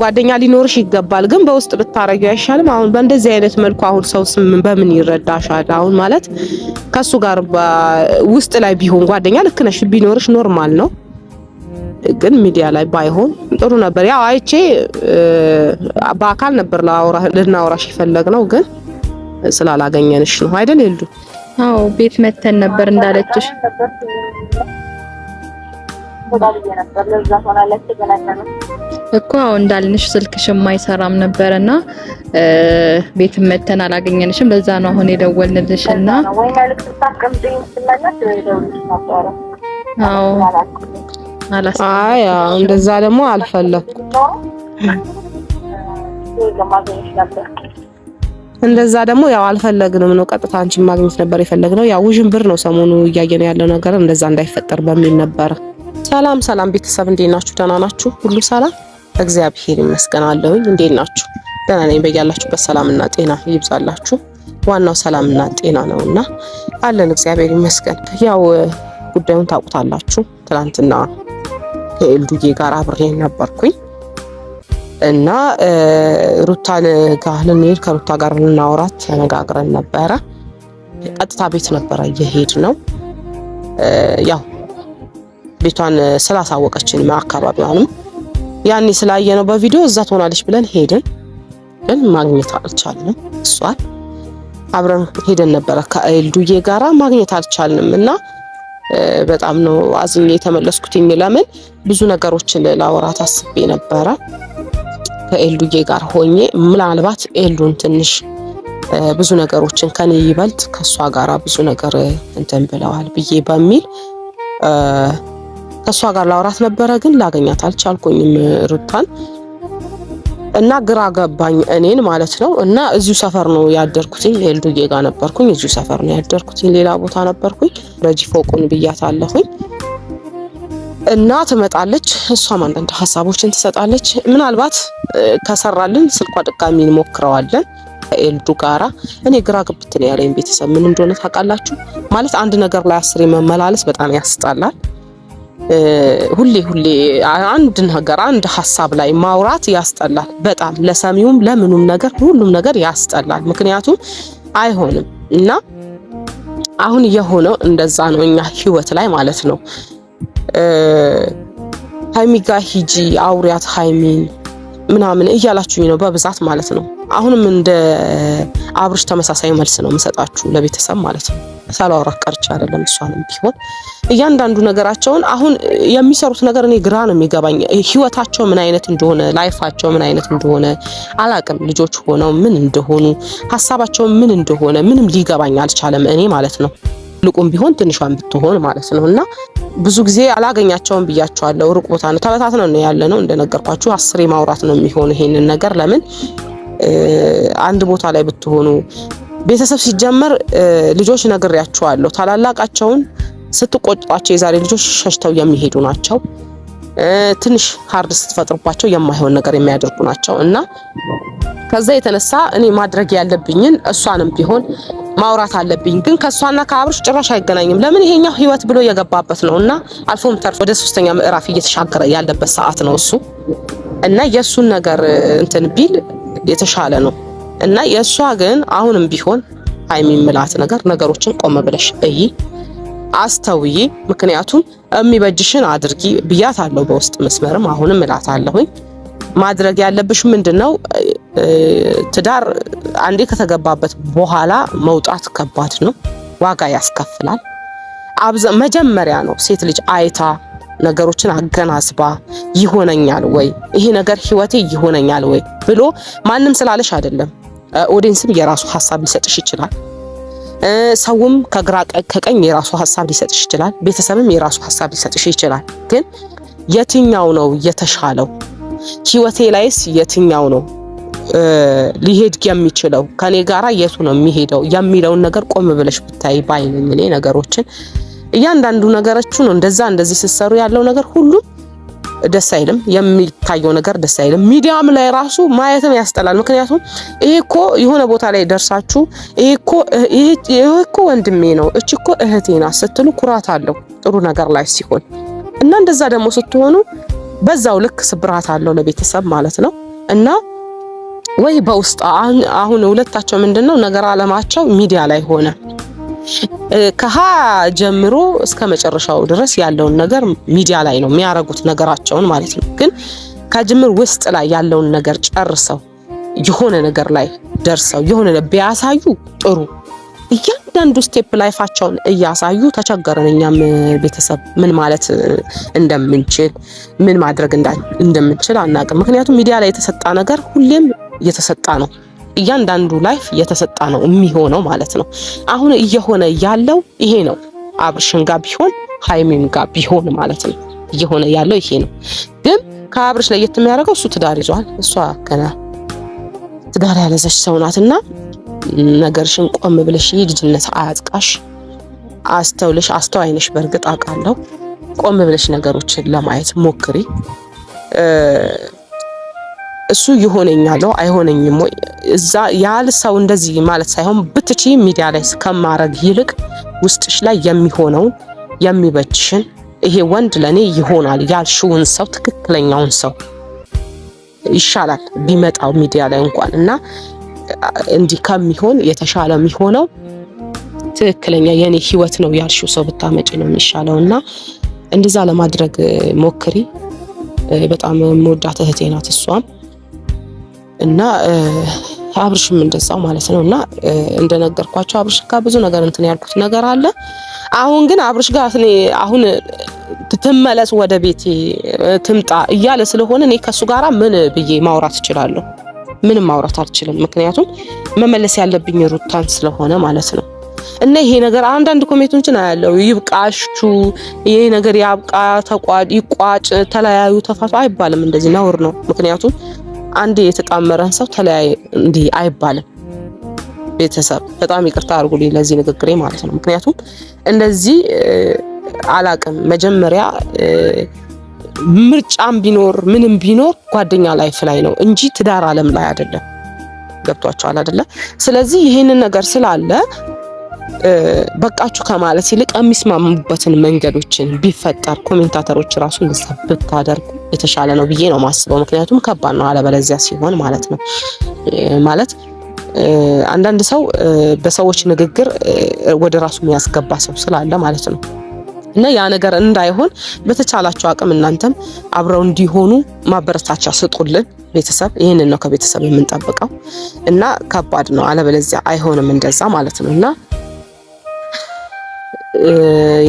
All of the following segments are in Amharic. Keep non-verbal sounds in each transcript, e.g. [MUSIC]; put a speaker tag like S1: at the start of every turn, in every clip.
S1: ጓደኛ ሊኖርሽ ይገባል፣ ግን በውስጥ ብታረጊው አይሻልም? አሁን በእንደዚህ አይነት መልኩ አሁን ሰው ስም በምን ይረዳሻል? አሁን ማለት ከሱ ጋር ውስጥ ላይ ቢሆን ጓደኛ ልክ ነሽ ቢኖርሽ ኖርማል ነው፣ ግን ሚዲያ ላይ ባይሆን ጥሩ ነበር። ያው አይቼ በአካል ነበር ልናወራሽ የፈለግ ነው፣ ግን ስላላገኘንሽ ነው አይደል? የሉ
S2: አዎ፣ ቤት መተን ነበር እንዳለችሽ እኮ ብዬ ነበር። ለዛ እኮ እንዳልንሽ ነበርና ቤት መተን አላገኘንሽም። ለዛ ነው አሁን የደወልንልሽና
S1: አዎ አይ እንደዛ ደግሞ አልፈለኩም። እንደዛ ደግሞ ያው አልፈለግንም ነው። ቀጥታ አንቺን ማግኘት ነበር የፈለግነው። ያው ውዥንብር ነው ሰሞኑ እያየን ያለው ነገር እንደዛ እንዳይፈጠር በሚል ነበር። ሰላም ሰላም ቤተሰብ እንዴት ናችሁ? ደህና ናችሁ? ሁሉ ሰላም እግዚአብሔር ይመስገን አለሁኝ። እንዴት ናችሁ? ደህና ነኝ። በያላችሁበት ሰላምና ጤና ይብዛላችሁ። ዋናው ሰላምና ጤና ነውና አለን እግዚአብሔር ይመስገን። ያው ጉዳዩን ታውቁታላችሁ። ትናንትና ከኤልዱዬ ጋር አብሬ ነበርኩኝ እና ሩታን ጋር ልንሄድ ከሩታ ጋር ልናወራት ተነጋግረን ነበረ። ቀጥታ ቤት ነበረ እየሄድ ነው ያው ቤቷን ስላሳወቀችን አካባቢዋንም ያኔ ስላየ ነው በቪዲዮ እዛ ትሆናለች ብለን ሄድን፣ ግን ማግኘት አልቻልንም። እሷን አብረን ሄደን ነበረ ከኤልዱዬ ጋራ ማግኘት አልቻልንም እና በጣም ነው አዝኜ የተመለስኩትኝ። ለምን ብዙ ነገሮችን ላወራት አስቤ ነበረ ከኤልዱዬ ጋር ሆኜ ምናልባት ኤልዱን ትንሽ ብዙ ነገሮችን ከኔ ይበልጥ ከእሷ ጋራ ብዙ ነገር እንትን ብለዋል ብዬ በሚል ከእሷ ጋር ላውራት ነበረ፣ ግን ላገኛት አልቻልኩኝም ሩታን እና ግራ ገባኝ እኔን ማለት ነው። እና እዚሁ ሰፈር ነው ያደርኩትኝ፣ ሄልዱዬ ጋር ነበርኩኝ። እዚሁ ሰፈር ነው ያደርኩትኝ፣ ሌላ ቦታ ነበርኩኝ። ረጂ ፎቁን ብያት አለሁኝ እና ትመጣለች። እሷም አንዳንድ ሀሳቦችን ትሰጣለች። ምናልባት ከሰራልን ስልኳ ድጋሚ እንሞክረዋለን ከኤልዱ ጋራ። እኔ ግራ ግብት ነው ያለኝ ቤተሰብ ምን እንደሆነ ታውቃላችሁ። ማለት አንድ ነገር ላይ አስሬ መመላለስ በጣም ያስጣላል። ሁሌ ሁሌ አንድ ነገር አንድ ሀሳብ ላይ ማውራት ያስጠላል። በጣም ለሰሚውም ለምኑም ነገር ሁሉም ነገር ያስጠላል። ምክንያቱም አይሆንም እና አሁን የሆነው እንደዛ ነው እኛ ህይወት ላይ ማለት ነው። ሀይሚ ጋ ሂጂ አውሪያት ሀይሚን ምናምን እያላችሁኝ ነው በብዛት ማለት ነው። አሁንም እንደ አብርሽ ተመሳሳይ መልስ ነው የምሰጣችሁ ለቤተሰብ ማለት ነው። ሳላወራ ቀርቼ አይደለም። እሷንም ቢሆን እያንዳንዱ ነገራቸውን አሁን የሚሰሩት ነገር እኔ ግራ ነው የሚገባኝ። ህይወታቸው ምን አይነት እንደሆነ ላይፋቸው ምን አይነት እንደሆነ አላቅም። ልጆች ሆነው ምን እንደሆኑ ሀሳባቸው ምን እንደሆነ ምንም ሊገባኝ አልቻለም እኔ ማለት ነው። ትልቁም ቢሆን ትንሿን ብትሆን ማለት ነው እና ብዙ ጊዜ አላገኛቸውም ብያቸዋለሁ። ሩቅ ቦታ ነው ተበታትነን ነው ያለ ነው እንደነገርኳችሁ፣ አስሬ ማውራት ነው የሚሆን ይሄንን ነገር ለምን አንድ ቦታ ላይ ብትሆኑ ቤተሰብ ሲጀመር ልጆች ነግሬያቸዋለሁ። ታላላቃቸውን ስትቆጣቸው የዛሬ ልጆች ሸሽተው የሚሄዱ ናቸው። ትንሽ ሀርድ ስትፈጥሩባቸው የማይሆን ነገር የሚያደርጉ ናቸው እና ከዛ የተነሳ እኔ ማድረግ ያለብኝን እሷንም ቢሆን ማውራት አለብኝ። ግን ከእሷና ከአብርሽ ጭራሽ አይገናኝም። ለምን ይሄኛው ህይወት ብሎ የገባበት ነው እና አልፎም ተርፎ ወደ ሶስተኛ ምዕራፍ እየተሻገረ ያለበት ሰዓት ነው እሱ እና የእሱን ነገር እንትን ቢል የተሻለ ነው እና የእሷ ግን አሁንም ቢሆን የሚምላት ነገር ነገሮችን ቆም ብለሽ እይ፣ አስተውይ። ምክንያቱም የሚበጅሽን አድርጊ ብያት አለው በውስጥ መስመርም አሁንም እላት አለሁኝ ማድረግ ያለብሽ ምንድን ነው ትዳር አንዴ ከተገባበት በኋላ መውጣት ከባድ ነው፣ ዋጋ ያስከፍላል። አብዛ መጀመሪያ ነው ሴት ልጅ አይታ ነገሮችን አገናዝባ ይሆነኛል ወይ ይሄ ነገር ህይወቴ ይሆነኛል ወይ ብሎ ማንም ስላለሽ አይደለም። ኦዲንስም የራሱ ሀሳብ ሊሰጥሽ ይችላል። ሰውም ከግራ ከቀኝ የራሱ ሀሳብ ሊሰጥሽ ይችላል። ቤተሰብም የራሱ ሀሳብ ሊሰጥሽ ይችላል። ግን የትኛው ነው የተሻለው? ህይወቴ ላይስ የትኛው ነው ሊሄድ የሚችለው ከኔ ጋራ የቱ ነው የሚሄደው የሚለውን ነገር ቆም ብለሽ ብታይ ባይነኝ። እኔ ነገሮችን እያንዳንዱ ነገሮቹ ነው እንደዛ እንደዚህ ስትሰሩ ያለው ነገር ሁሉም ደስ አይልም። የሚታየው ነገር ደስ አይልም። ሚዲያም ላይ ራሱ ማየትም ያስጠላል። ምክንያቱም ይሄ እኮ የሆነ ቦታ ላይ ደርሳችሁ ይሄ እኮ ወንድሜ ነው እች እኮ እህቴ ናት ስትሉ ኩራት አለው ጥሩ ነገር ላይ ሲሆን እና እንደዛ ደግሞ ስትሆኑ በዛው ልክ ስብራት አለው ለቤተሰብ ማለት ነው እና ወይ በውስጥ አሁን ሁለታቸው ምንድነው ነገር አለማቸው ሚዲያ ላይ ሆነ ከሀ ጀምሮ እስከ መጨረሻው ድረስ ያለውን ነገር ሚዲያ ላይ ነው የሚያረጉት ነገራቸውን ማለት ነው። ግን ከጅምር ውስጥ ላይ ያለውን ነገር ጨርሰው የሆነ ነገር ላይ ደርሰው የሆነ ቢያሳዩ ጥሩ። እያንዳንዱ ስቴፕ ላይፋቸውን እያሳዩ ተቸገረን። እኛም ቤተሰብ ምን ማለት እንደምንችል ምን ማድረግ እንደምንችል አናውቅም። ምክንያቱም ሚዲያ ላይ የተሰጣ ነገር ሁሌም የተሰጣ ነው። እያንዳንዱ ላይፍ የተሰጣ ነው የሚሆነው ማለት ነው። አሁን እየሆነ ያለው ይሄ ነው። አብርሽን ጋር ቢሆን ሀይሚም ጋር ቢሆን ማለት ነው እየሆነ ያለው ይሄ ነው። ግን ከአብርሽ ለየት የሚያደርገው እሱ ትዳር ይዟል። እሷ ገና ትዳር ያለዘች ሰው ናትና ነገርሽን ቆም ብለሽ ልጅነት አያጥቃሽ። አስተውልሽ፣ አስተዋይነሽ በእርግጥ አውቃለሁ። ቆም ብለሽ ነገሮችን ለማየት ሞክሪ። እሱ ይሆነኛለሁ አይሆነኝም ወይ እዛ ያል ሰው እንደዚህ ማለት ሳይሆን ብትቺ ሚዲያ ላይ ከማረግ ይልቅ ውስጥሽ ላይ የሚሆነው የሚበጅሽን ይሄ ወንድ ለኔ ይሆናል ያልሽውን ሰው ትክክለኛውን ሰው ይሻላል ቢመጣው ሚዲያ ላይ እንኳን እና እንዲህ ከሚሆን የተሻለ የሚሆነው ትክክለኛ የኔ ህይወት ነው ያልሽው ሰው ብታመጪ ነው የሚሻለው እና እንደዛ ለማድረግ ሞክሪ። በጣም መወዳት እህቴ ናት እሷም እና አብርሽም እንደዛው ማለት ነው። እና እንደነገርኳቸው አብርሽ ጋር ብዙ ነገር እንትን ያልኩት ነገር አለ። አሁን ግን አብርሽ ጋር እኔ አሁን ትመለስ ወደ ቤቴ ትምጣ እያለ ስለሆነ እኔ ከሱ ጋራ ምን ብዬ ማውራት እችላለሁ? ምንም ማውራት አልችልም። ምክንያቱም መመለስ ያለብኝ ሩታን ስለሆነ ማለት ነው። እና ይሄ ነገር አንዳንድ ኮሜንቶችን አያለው፣ ይብቃችሁ፣ ይሄ ነገር ያብቃ፣ ተቋድ ይቋጭ፣ ተለያዩ፣ ተፋቱ አይባልም። እንደዚህ ነውር ነው። ምክንያቱም አንድ የተጣመረን ሰው ተለያየ እንዲህ አይባልም። ቤተሰብ በጣም ይቅርታ አድርጉልኝ ለዚህ ንግግሬ ማለት ነው። ምክንያቱም እንደዚህ አላቅም። መጀመሪያ ምርጫም ቢኖር ምንም ቢኖር ጓደኛ ላይፍ ላይ ነው እንጂ ትዳር አለም ላይ አይደለም። ገብቷቸዋል አይደለ? ስለዚህ ይህንን ነገር ስላለ በቃችሁ ከማለት ይልቅ የሚስማሙበትን መንገዶችን ቢፈጠር ኮሜንታተሮች ራሱ ንሳ ብታደርጉ የተሻለ ነው ብዬ ነው ማስበው። ምክንያቱም ከባድ ነው አለበለዚያ ሲሆን ማለት ነው ማለት አንዳንድ ሰው በሰዎች ንግግር ወደ ራሱ የሚያስገባ ሰው ስላለ ማለት ነው። እና ያ ነገር እንዳይሆን በተቻላቸው አቅም እናንተም አብረው እንዲሆኑ ማበረታቻ ስጡልን ቤተሰብ። ይህንን ነው ከቤተሰብ የምንጠብቀው። እና ከባድ ነው አለበለዚያ አይሆንም እንደዛ ማለት ነው እና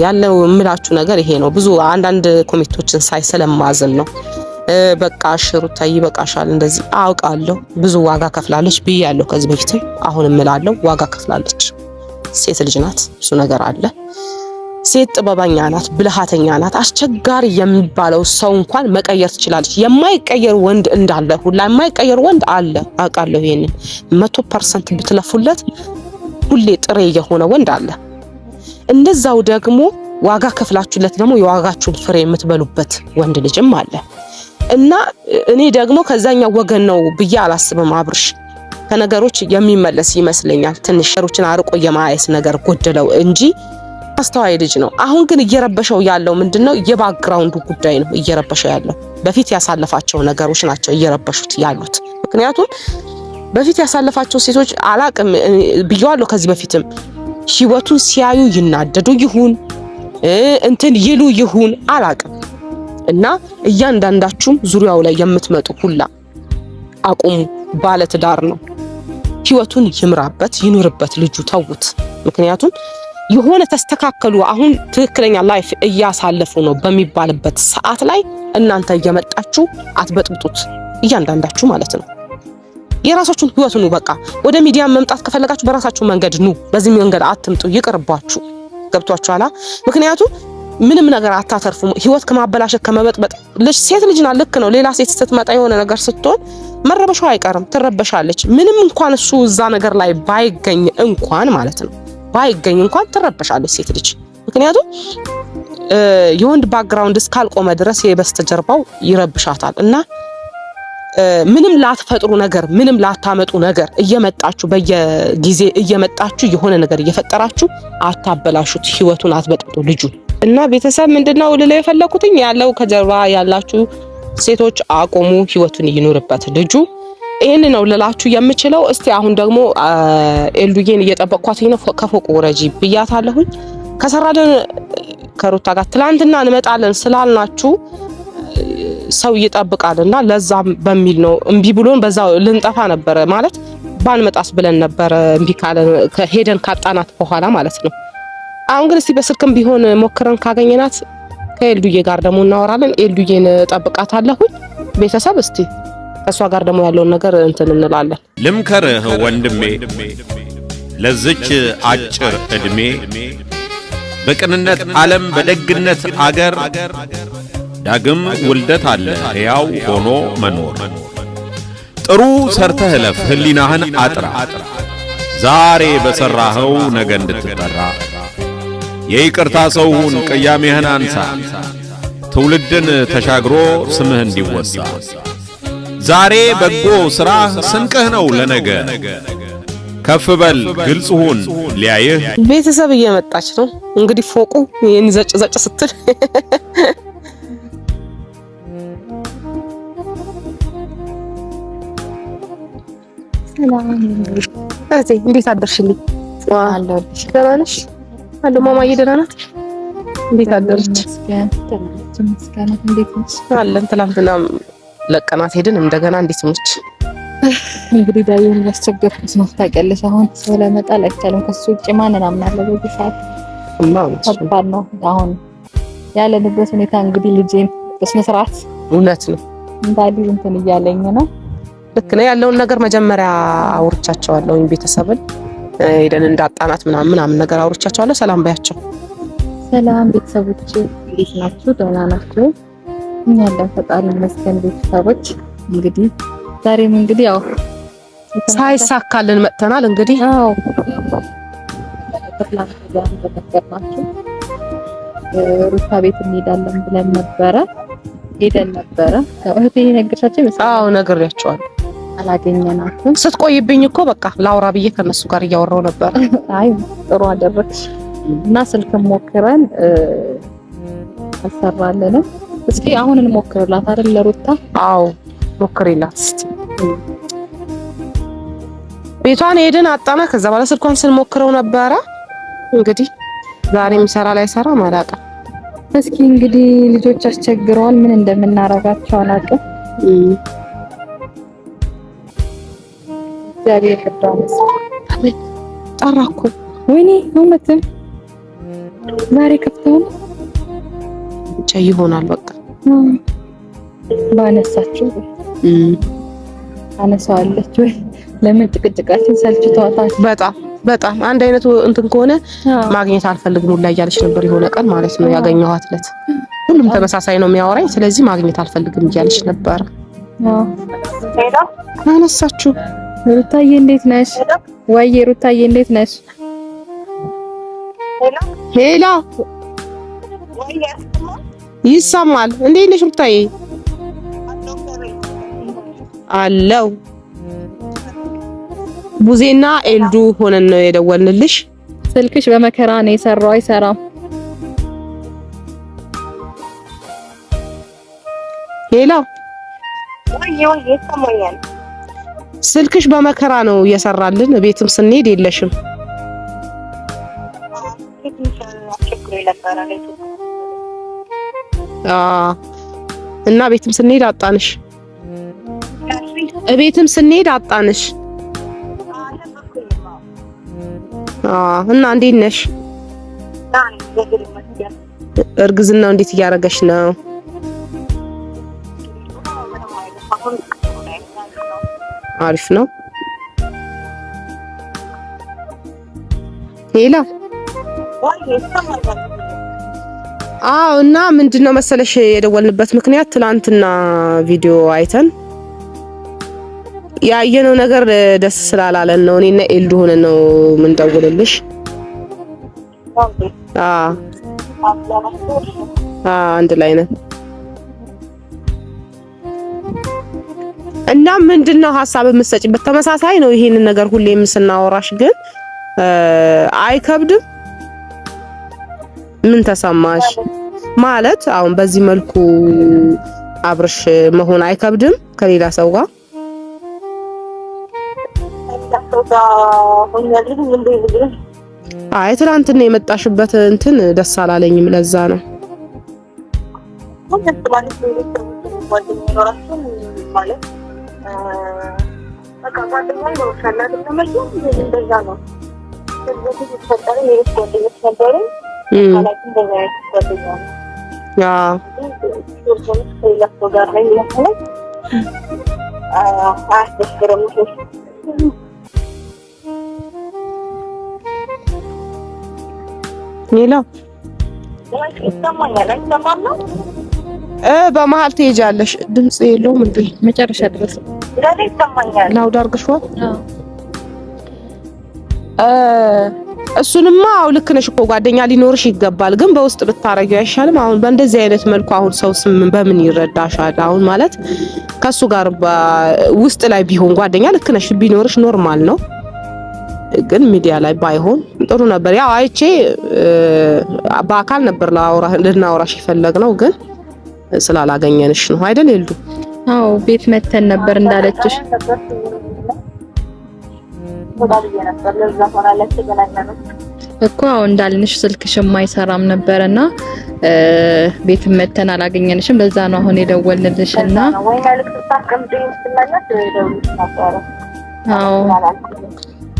S1: ያለው የምላችሁ ነገር ይሄ ነው። ብዙ አንዳንድ ኮሜንቶችን ሳይ ስለማዝን ነው። በቃ ሽሩታይ ይበቃሻል፣ እንደዚህ አውቃለሁ። ብዙ ዋጋ ከፍላለች ብያለሁ ከዚህ በፊትም አሁን እምላለሁ። ዋጋ ከፍላለች። ሴት ልጅ ናት፣ ብዙ ነገር አለ። ሴት ጥበበኛ ናት፣ ብልሃተኛ ናት። አስቸጋሪ የሚባለው ሰው እንኳን መቀየር ትችላለች። የማይቀየር ወንድ እንዳለ ሁላ የማይቀየር ወንድ አለ፣ አውቃለሁ። ይሄንን መቶ ፐርሰንት ብትለፉለት ሁሌ ጥሬ የሆነ ወንድ አለ። እንደዛው ደግሞ ዋጋ ከፍላችሁለት ደግሞ የዋጋችሁን ፍሬ የምትበሉበት ወንድ ልጅም አለ እና እኔ ደግሞ ከዛኛው ወገን ነው ብዬ አላስብም። አብርሽ ከነገሮች የሚመለስ ይመስለኛል። ትንሽ ነገሮችን አርቆ የማየት ነገር ጎደለው እንጂ አስተዋይ ልጅ ነው። አሁን ግን እየረበሸው ያለው ምንድን ነው? የባክግራውንዱ ጉዳይ ነው እየረበሸው ያለው። በፊት ያሳለፋቸው ነገሮች ናቸው እየረበሹት ያሉት። ምክንያቱም በፊት ያሳለፋቸው ሴቶች አላቅም ብየዋለሁ ከዚህ በፊትም ህይወቱን ሲያዩ ይናደዱ ይሁን እንትን ይሉ ይሁን አላቅም። እና እያንዳንዳችሁም ዙሪያው ላይ የምትመጡ ሁላ አቁሙ። ባለትዳር ነው፣ ህይወቱን ይምራበት ይኑርበት ልጁ፣ ተዉት። ምክንያቱም የሆነ ተስተካከሉ አሁን ትክክለኛ ላይፍ እያሳለፉ ነው በሚባልበት ሰዓት ላይ እናንተ እየመጣችሁ አትበጥብጡት፣ እያንዳንዳችሁ ማለት ነው። የራሳችሁን ህይወት ኑ። በቃ ወደ ሚዲያ መምጣት ከፈለጋችሁ በራሳችሁ መንገድ ኑ። በዚህ መንገድ አትምጡ፣ ይቅርባችሁ። ገብቷችኋላ? ምክንያቱም ምንም ነገር አታተርፉም። ህይወት ከማበላሸት ከመበጥበጥ ልጅ ሴት ልጅና ልክ ነው። ሌላ ሴት ስትመጣ የሆነ ነገር ስትሆን መረበሻው አይቀርም፣ ትረበሻለች። ምንም እንኳን እሱ እዛ ነገር ላይ ባይገኝ እንኳን ማለት ነው ባይገኝ እንኳን ትረበሻለች ሴት ልጅ ምክንያቱም የወንድ ባክግራውንድ እስካልቆመ ድረስ የበስተጀርባው ይረብሻታል እና ምንም ላትፈጥሩ ነገር ምንም ላታመጡ ነገር እየመጣችሁ በየጊዜ እየመጣችሁ የሆነ ነገር እየፈጠራችሁ አታበላሹት። ህይወቱን አትበጥጡ ልጁ እና ቤተሰብ ምንድነው ልለው የፈለኩትኝ ያለው ከጀርባ ያላችሁ ሴቶች አቁሙ፣ ህይወቱን ይኑርበት ልጁ። ይህን ነው ልላችሁ የምችለው። እስቲ አሁን ደግሞ ኤልዱዬን እየጠበቅኳትኝ ነው። ከፎቅ ውረጂ ብያታለሁኝ። ከሰራለን ከሩታ ጋር ትላንትና እንመጣለን ስላልናችሁ ሰው ይጠብቃል እና ለዛ በሚል ነው እምቢ ብሎን በዛ ልንጠፋ ነበረ ማለት ባንመጣስ ብለን ነበረ። እምቢ ካለን ሄደን ካጣናት በኋላ ማለት ነው። አሁን ግን እስቲ በስልክም ቢሆን ሞክረን ካገኘናት ከኤልዱዬ ጋር ደግሞ እናወራለን። ኤልዱዬን ጠብቃታለሁኝ። ቤተሰብ እስቲ ከእሷ ጋር ደግሞ ያለውን ነገር እንትን እንላለን። ልምከርህ ወንድሜ ለዝች አጭር ዕድሜ በቅንነት ዓለም በደግነት አገር ዳግም ውልደት አለ ሕያው ሆኖ መኖር። ጥሩ ሰርተህ እለፍ፣ ሕሊናህን አጥራ፣ ዛሬ በሠራኸው ነገ እንድትጠራ። የይቅርታ ሰው ሁን፣ ቅያሜህን አንሳ፣ ትውልድን ተሻግሮ ስምህ እንዲወሳ። ዛሬ በጎ ሥራህ ስንቅህ ነው ለነገ። ከፍ በል ግልጽ ሁን ሊያይህ። ቤተሰብ እየመጣች ነው እንግዲህ ፎቁ ይህን ዘጭ ዘጭ ስትል [LAUGHS] እህቴ እንዴት አደርሽልኝ? ደህና ነሽ? አለሁ ማማዬ ደህና ናት? እንዴት አደረች? አለን ትናንትና ለቀናት ሄድን እንደገና እንዴት ነች? እንግዲህ ያስቸገርኩት ነው ታውቂያለሽ። አሁን ሰው ለመጣል አይቻልም። ከሱ ውጭ ማንን አምናለሁ? በዚህ ሰዓት ከባድ ነው። አሁን ያለንበት ሁኔታ እንግዲህ ልጄን በስነ ስርዓት እውነት ነው እንዳዲስ እንትን እያለኝ ነው ልክ ነው ያለውን ነገር መጀመሪያ አውርቻቸዋለሁ። ቤተሰብን ሄደን እንዳጣናት ምናምን ምናምን ነገር አውርቻቸዋለሁ። ሰላም ባያቸው። ሰላም ቤተሰቦች እንዴት ናችሁ? ደህና ናችሁ? እኛ ያለን ፈጣሪ ይመስገን። ቤተሰቦች እንግዲህ ዛሬም እንግዲህ ያው ሳይሳካልን መጥተናል። እንግዲህ አዎ ናቸው ሩታ ቤት እንሄዳለን ብለን ነበረ ሄደን ነበረ። እህቴ ነገርሻቸው ይመስላል። አዎ ነግሬያቸዋለሁ። አላገኘናትም። ስትቆይብኝ እኮ በቃ ላውራ ብዬ ከነሱ ጋር እያወራው ነበር። [LAUGHS] አይ ጥሩ አደረግሽ። እና ስልክ ሞክረን አሰራለንም። እስኪ አሁን እንሞክርላት አይደል ለሩታ? አዎ ሞክሪላት እስቲ። ቤቷን ሄድን አጣና፣ ከዛ በኋላ ስልኳን ስንሞክረው ነበረ። እንግዲህ ዛሬ የሚሰራ ላይ ሰራ ማላቀ እስኪ እንግዲህ ልጆች አስቸግረዋል። ምን እንደምናረጋቸው አላውቅም። እግዚአብሔር ይርዳው። ጠራ እኮ ወይኔ፣ እውነትም ዛሬ ከፍተው ብቻ ይሆናል። በቃ ባነሳችሁ አነሳዋለች ወይ? ለምን ጭቅጭቃችን ሰልችቷታል። በጣም በጣም አንድ አይነት እንትን ከሆነ ማግኘት አልፈልግም ሁላ እያለች ነበር የሆነ ቀን ማለት ነው ያገኘኋት ዕለት። ሁሉም ተመሳሳይ ነው የሚያወራኝ፣ ስለዚህ ማግኘት አልፈልግም እያለች ነበር አነሳችሁ ሩታዬ እንዴት ነሽ? ወይዬ ሩታዬ እንዴት ነሽ? ሄሎ ይሰማል። እንዴት ነሽ ሩታዬ? አለው ቡዜና ኤልዱ ሆነን ነው የደወልንልሽ። ስልክሽ በመከራ ነው የሰራው፣ አይሰራም። ሄሎ ስልክሽ በመከራ ነው እየሰራልን። ቤትም ስንሄድ የለሽም። እና ቤትም ስንሄድ አጣንሽ፣ ቤትም ስንሄድ አጣንሽ። እና እንዴት ነሽ? እርግዝናው እንዴት እያደረገሽ ነው? አሪፍ ነው። ሌላ አዎ። እና ምንድነው መሰለሽ የደወልንበት ምክንያት ትናንትና ቪዲዮ አይተን ያየነው ነገር ደስ ስላላለን ነው። እኔና ኤልዱ ሆነ ነው የምንደውልልሽ። አንድ ላይ ነን። እና ምንድነው ሀሳብ የምትሰጪበት? ተመሳሳይ ነው። ይሄንን ነገር ሁሌም ስናወራሽ ግን አይከብድም? ምን ተሰማሽ? ማለት አሁን በዚህ መልኩ አብርሽ መሆን አይከብድም? ከሌላ ሰው ጋር አይ ትናንትና የመጣሽበት እንትን ደስ አላለኝም። ለዛ ነው ማለት በቃ ጓደኛዬ በውሻላት ተመርቶ እንደዛ ነው። የተፈጠረ በመሀል ትሄጃለሽ። ድምፅ የለውም እንደ መጨረሻ ድረስ እንዳለ ይሰማኛል። ናውድ አድርገሽዋል። እሱንማ አው ልክ ነሽ እኮ ጓደኛ ሊኖርሽ ይገባል፣ ግን በውስጥ ብታረጊው አይሻልም? አሁን በእንደዚህ አይነት መልኩ አሁን ሰው በምን ይረዳሻል? አሁን ማለት ከሱ ጋር ውስጥ ላይ ቢሆን ጓደኛ ልክ ነሽ ቢኖርሽ ኖርማል ነው፣ ግን ሚዲያ ላይ ባይሆን ጥሩ ነበር። ያው አይቼ በአካል ነበር ልናወራሽ የፈለግነው፣ ግን ስላላገኘንሽ ነው አይደል? የሉ አዎ ቤት መተን ነበር እንዳለችሽ እኮ አዎ እንዳልንሽ ስልክሽ አይሰራም ነበርና ቤት መተን አላገኘንሽም። ለዛ ነው አሁን የደወልንልሽና አዎ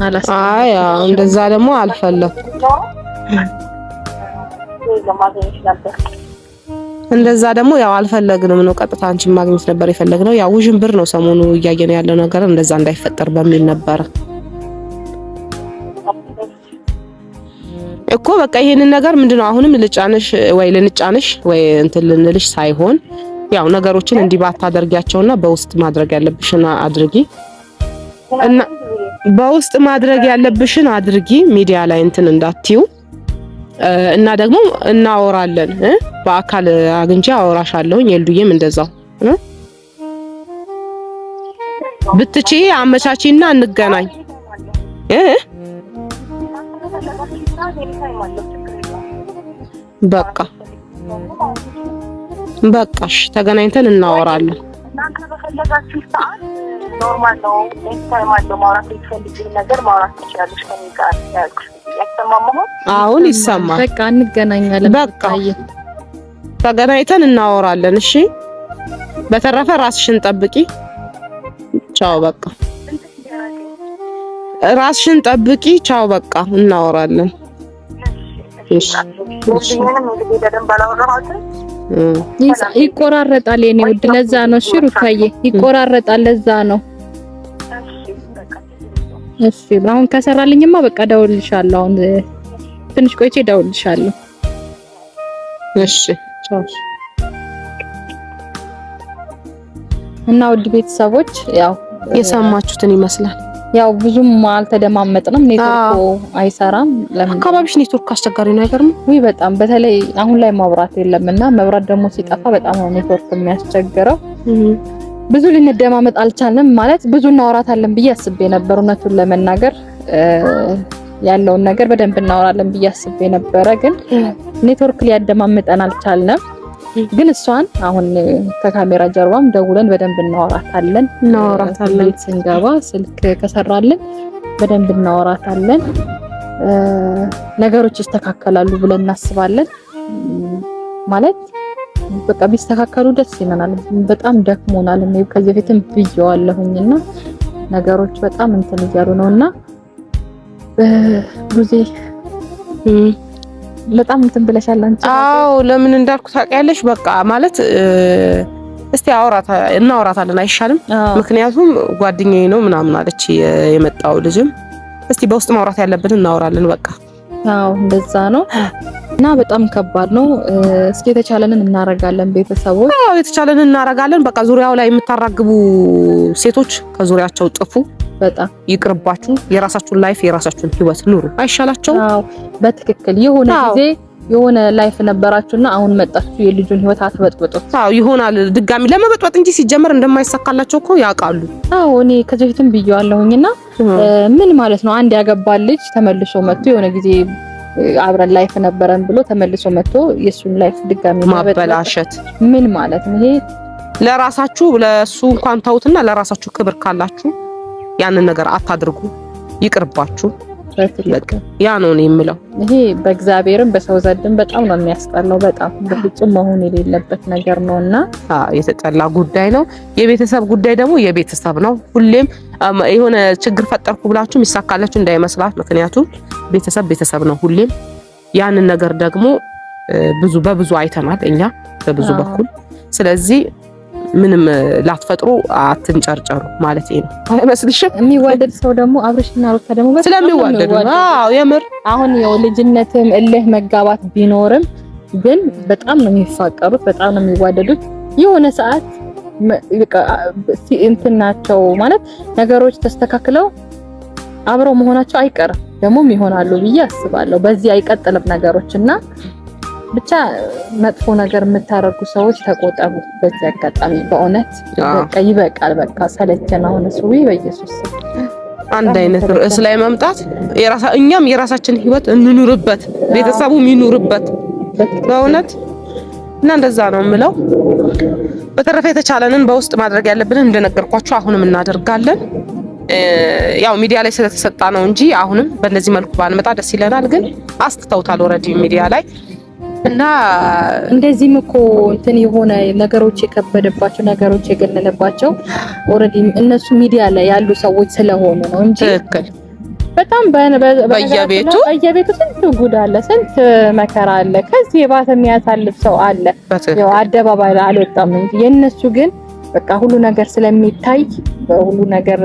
S1: አላስ አይ እንደዛ ደግሞ አልፈለኩም እንደዛ ደግሞ ያው አልፈለግንም ነው። ቀጥታ አንቺን ማግኘት ነበር የፈለግነው። ያው ውዥንብር ነው ሰሞኑ እያየነው ያለው ነገር እንደዛ እንዳይፈጠር በሚል ነበረ እኮ በቃ ይሄንን ነገር ምንድነው አሁንም ልጫንሽ ወይ ልንጫንሽ ወይ እንትን ልንልሽ ሳይሆን ያው ነገሮችን እንዲህ ባታደርጊያቸውና በውስጥ ማድረግ ያለብሽን አድርጊ እና በውስጥ ማድረግ ያለብሽን አድርጊ። ሚዲያ ላይ እንትን እንዳትዩ። እና ደግሞ እናወራለን። በአካል አግኝቼ አወራሻለሁኝ። የልዱዬም እንደዛው ብትቺ አመቻቺና እንገናኝ። በቃ በቃሽ፣ ተገናኝተን እናወራለን። ኖርማል ነው። ታይም አለው ማውራት ነገር ማውራት ትችላለሽ ከሚቃል ያልኩሽ አሁን ይሰማል። በቃ እንገናኛለን። በቃ ተገናኝተን እናወራለን። እሺ፣ በተረፈ ራስሽን ጠብቂ። ቻው። በቃ ራስሽን ጠብቂ። ቻው። በቃ እናወራለን። ይቆራረጣል የኔ ውድ፣ ለዛ ነው። እሺ ሩታዬ፣ ይቆራረጣል፣ ለዛ ነው እሺ ይቆራረጣል ለዛ ነው እሺ አሁን ከሰራልኝማ በቃ እደውልልሻለሁ። አሁን ትንሽ ቆይቼ እደውልልሻለሁ። እሺ ቻው። እና ውድ ቤተሰቦች ያው የሰማችሁትን ይመስላል። ያው ብዙም አልተደማመጥንም። ኔትወርኩ አይሰራም። አካባቢሽ ኔትወርክ አስቸጋሪ ነው። አይገርም ወይ? በጣም በተለይ አሁን ላይ መብራት የለም እና መብራት ደግሞ ሲጠፋ በጣም ነው ኔትወርክ የሚያስቸግረው። ብዙ ልንደማመጥ አልቻለም። ማለት ብዙ እናወራታለን ብዬ አስቤ ነበር። እውነቱን ለመናገር ያለውን ነገር በደንብ እናወራለን ብዬ አስቤ ነበረ፣ ግን ኔትወርክ ሊያደማምጠን አልቻልንም። ግን እሷን አሁን ከካሜራ ጀርባም ደውለን በደንብ እናወራታለን እናወራታለን። ስንገባ ስልክ ከሰራልን በደንብ እናወራታለን። ነገሮች ይስተካከላሉ ብለን እናስባለን ማለት በቃ ቢስተካከሉ ደስ ይለናል። በጣም ደክሞናል። እኔ ከዚህ በፊትም ብየዋለሁኝና ነገሮች በጣም እንትን እያሉ ነውና ጊዜ በጣም እንትን ብለሻል አንቺ። አዎ ለምን እንዳልኩ ታውቂያለሽ። በቃ ማለት እስቲ አውራታ እናውራታለን አይሻልም? ምክንያቱም ጓደኛዬ ነው ምናምን አለች የመጣው ልጅም። እስቲ በውስጥ ማውራት ያለብን እናውራለን በቃ አዎ እንደዛ ነው። እና በጣም ከባድ ነው። እስኪ የተቻለንን እናረጋለን። ቤተሰቦች አዎ የተቻለንን እናረጋለን። በቃ ዙሪያው ላይ የምታራግቡ ሴቶች ከዙሪያቸው ጥፉ። በጣም ይቅርባችሁ። የራሳችሁን ላይፍ የራሳችሁን ህይወት ኑሩ። አይሻላቸው? አዎ በትክክል የሆነ ጊዜ የሆነ ላይፍ ነበራችሁና አሁን መጣችሁ የልጁን ህይወት አትበጥብጡት። አዎ ይሆናል ድጋሚ ለመበጥበጥ እንጂ ሲጀመር እንደማይሳካላቸው እኮ ያውቃሉ። አዎ እኔ ከዚህ በፊትም ብየዋለሁኝና ምን ማለት ነው አንድ ያገባ ልጅ ተመልሶ መጥቶ የሆነ ጊዜ አብረን ላይፍ ነበረን ብሎ ተመልሶ መጥቶ የሱን ላይፍ ድጋሚ ማበላሸት ምን ማለት ነው? ይሄ ለራሳችሁ ለሱ እንኳን ተውትና ለራሳችሁ ክብር ካላችሁ ያንን ነገር አታድርጉ፣ ይቅርባችሁ። በቃ ያ ነው የምለው። ይሄ በእግዚአብሔርም በሰው ዘንድም በጣም ነው የሚያስጠላው። በጣም በፍጹም መሆን የሌለበት ነገር ነው እና የተጠላ ጉዳይ ነው። የቤተሰብ ጉዳይ ደግሞ የቤተሰብ ነው። ሁሌም የሆነ ችግር ፈጠርኩ ብላችሁ ይሳካላችሁ እንዳይመስላት። ምክንያቱም ቤተሰብ ቤተሰብ ነው ሁሌም። ያንን ነገር ደግሞ ብዙ በብዙ አይተናል እኛ በብዙ በኩል ስለዚህ ምንም ላትፈጥሩ አትንጨርጨሩ ማለት ነው። አይመስልሽም? የሚዋደድ ሰው ደግሞ አብርሽና ሩታ ደግሞ ስለሚዋደዱ ነው የምር አሁን ያው ልጅነትም እልህ መጋባት ቢኖርም ግን በጣም ነው የሚፋቀሩት፣ በጣም ነው የሚዋደዱት። የሆነ ሰዓት እንትን ናቸው ማለት ነገሮች ተስተካክለው አብረው መሆናቸው አይቀርም፣ ደግሞም ይሆናሉ ብዬ አስባለሁ። በዚህ አይቀጥልም ነገሮች እና ብቻ መጥፎ ነገር የምታደርጉ ሰዎች ተቆጠቡ። በዚህ አጋጣሚ በእውነት በቃ ይበቃል። በቃ ሰለቸን። አሁን እሱ በኢየሱስ አንድ አይነት ርዕስ ላይ መምጣት እኛም የራሳችን ህይወት እንኑርበት፣ ቤተሰቡም ይኑርበት በእውነት እና እንደዛ ነው የምለው። በተረፈ የተቻለንን በውስጥ ማድረግ ያለብንን እንደነገርኳችሁ አሁንም እናደርጋለን። ያው ሚዲያ ላይ ስለተሰጣ ነው እንጂ አሁንም በእነዚህ መልኩ ባንመጣ ደስ ይለናል። ግን አስትተውታል ኦልሬዲ ሚዲያ ላይ እና እንደዚህም እኮ እንትን የሆነ ነገሮች የከበደባቸው ነገሮች የገነነባቸው ኦልሬዲ እነሱ ሚዲያ ላይ ያሉ ሰዎች ስለሆኑ ነው እንጂ በጣም በየቤቱ በየቤቱ ስንት ጉድ አለ፣ ስንት መከራ አለ። ከዚህ የባሰ የሚያሳልፍ ሰው አለ። ያው አደባባይ አልወጣም እንጂ የእነሱ ግን በቃ ሁሉ ነገር ስለሚታይ ሁሉ ነገር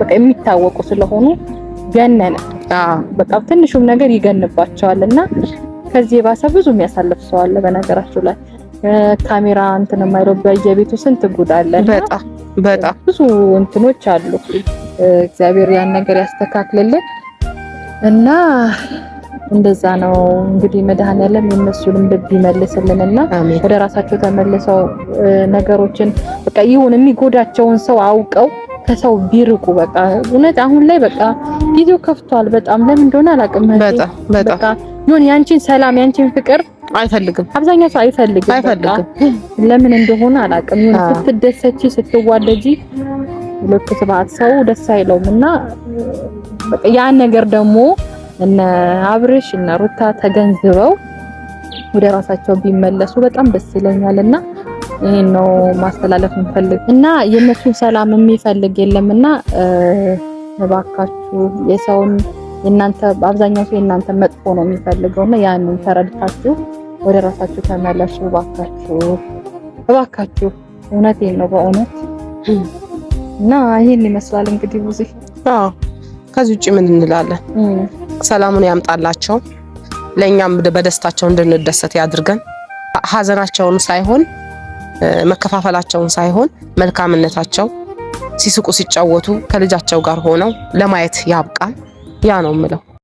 S1: በቃ የሚታወቁ ስለሆኑ ገነነ። በቃ ትንሹም ነገር ይገንባቸዋል እና ከዚህ የባሰ ብዙ የሚያሳልፍ ሰው አለ። በነገራችሁ ላይ ካሜራ እንትን የማይለው በየቤቱ ስንት ጉድ አለ። በጣም በጣም ብዙ እንትኖች አሉ። እግዚአብሔር ያን ነገር ያስተካክልልን እና እንደዛ ነው እንግዲህ መድኃኔዓለም የእነሱንም ልብ ይመልስልንና ወደ ራሳቸው ተመልሰው ነገሮችን በቃ ይሁን የሚጎዳቸውን ሰው አውቀው ከሰው ቢርቁ በቃ እውነት አሁን ላይ በቃ ጊዜው ከፍቷል። በጣም ለምን እንደሆነ አላውቅም። በቃ ይሁን ያንቺን ሰላም ያንቺን ፍቅር አይፈልግም። አብዛኛው ሰው አይፈልግም አይፈልግም። ለምን እንደሆነ አላውቅም። ይሁን ስትደሰቺ ስትዋደጂ ልክ ስብሀት ሰው ደስ አይለውም እና ያን ነገር ደግሞ እነ አብርሽ እነ ሩታ ተገንዝበው ወደ ራሳቸው ቢመለሱ በጣም ደስ ይለኛል እና ነው ማስተላለፍ የምፈልግ እና የእነሱን ሰላም የሚፈልግ የለምና እባካችሁ የሰውን የእናንተ አብዛኛው ሰው የእናንተ መጥፎ ነው የሚፈልገው እና ያንን ተረድታችሁ ወደ ራሳችሁ ተመለሱ። እባካችሁ እባካችሁ፣ እውነት ነው በእውነት እና ይህን ይመስላል እንግዲህ ብዙ ከዚህ ውጭ ምን እንላለን? ሰላሙን ያምጣላቸው፣ ለእኛም በደስታቸው እንድንደሰት ያድርገን። ሀዘናቸውን ሳይሆን መከፋፈላቸውን ሳይሆን መልካምነታቸው ሲስቁ ሲጫወቱ ከልጃቸው ጋር ሆነው ለማየት ያብቃን። ያ ነው የምለው።